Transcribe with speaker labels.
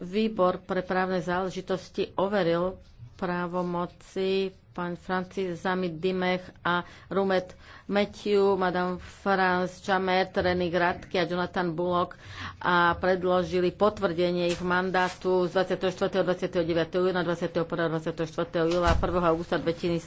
Speaker 1: Výbor pre právne záležitosti overil právomoci pán Francis Zamit Dimech a Rumet Matthew, madame France Čamet, René Gratke a Jonathan Bullock a predložili potvrdenie ich mandátu z 24. 29. júna, 21. 24. júla a 1. augusta 2000.